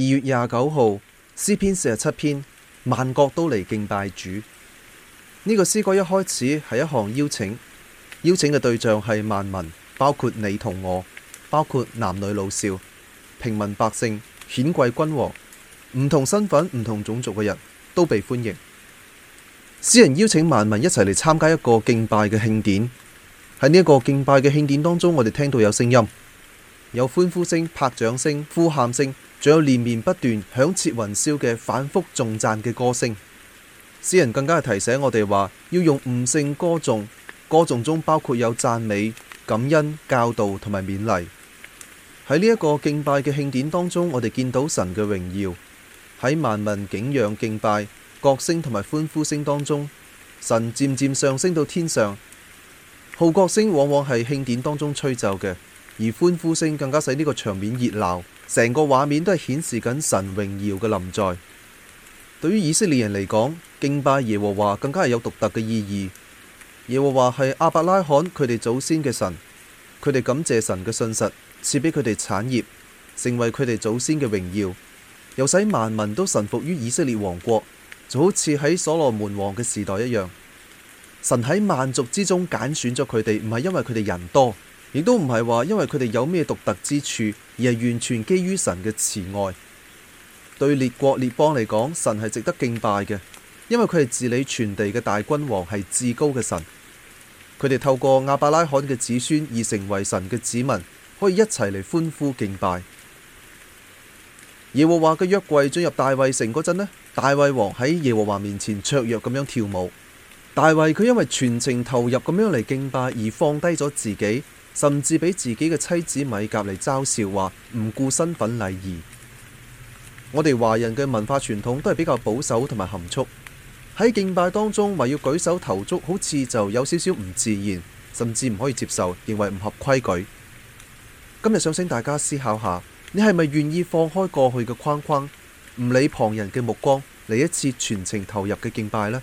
二月廿九號詩篇四十七篇，萬國都嚟敬拜主。呢個詩歌一開始係一項邀請，邀請嘅對象係萬民，包括你同我，包括男女老少、平民百姓、顯貴君王，唔同身份、唔同種族嘅人都被歡迎。詩人邀請萬民一齊嚟參加一個敬拜嘅慶典。喺呢一個敬拜嘅慶典當中，我哋聽到有聲音，有歡呼聲、拍掌聲、呼喊聲。仲有連綿不斷、響徹雲霄嘅反覆重讚嘅歌聲，詩人更加提醒我哋話要用悟性歌頌，歌頌中包括有讚美、感恩、教導同埋勉勵。喺呢一個敬拜嘅慶典當中，我哋見到神嘅榮耀。喺萬民景仰敬拜、角聲同埋歡呼聲當中，神漸漸上升到天上。號角聲往往係慶典當中吹奏嘅，而歡呼聲更加使呢個場面熱鬧。成個畫面都係顯示緊神榮耀嘅臨在。對於以色列人嚟講，敬拜耶和華更加係有獨特嘅意義。耶和華係亞伯拉罕佢哋祖先嘅神，佢哋感謝神嘅信實，賜俾佢哋產業，成為佢哋祖先嘅榮耀，又使萬民都臣服於以色列王國，就好似喺所羅門王嘅時代一樣。神喺萬族之中揀選咗佢哋，唔係因為佢哋人多。亦都唔係話因為佢哋有咩獨特之處，而係完全基於神嘅慈愛。對列國列邦嚟講，神係值得敬拜嘅，因為佢係治理全地嘅大君王，係至高嘅神。佢哋透過亞伯拉罕嘅子孫而成為神嘅子民，可以一齊嚟歡呼敬拜。耶和華嘅約櫃進入大衛城嗰陣呢，大衛王喺耶和華面前雀躍咁樣跳舞。大衛佢因為全情投入咁樣嚟敬拜而放低咗自己。甚至俾自己嘅妻子米甲嚟嘲笑，話唔顧身份禮儀。我哋華人嘅文化傳統都係比較保守同埋含蓄，喺敬拜當中，話要舉手投足，好似就有少少唔自然，甚至唔可以接受，認為唔合規矩。今日想請大家思考下，你係咪願意放開過去嘅框框，唔理旁人嘅目光，嚟一次全情投入嘅敬拜呢？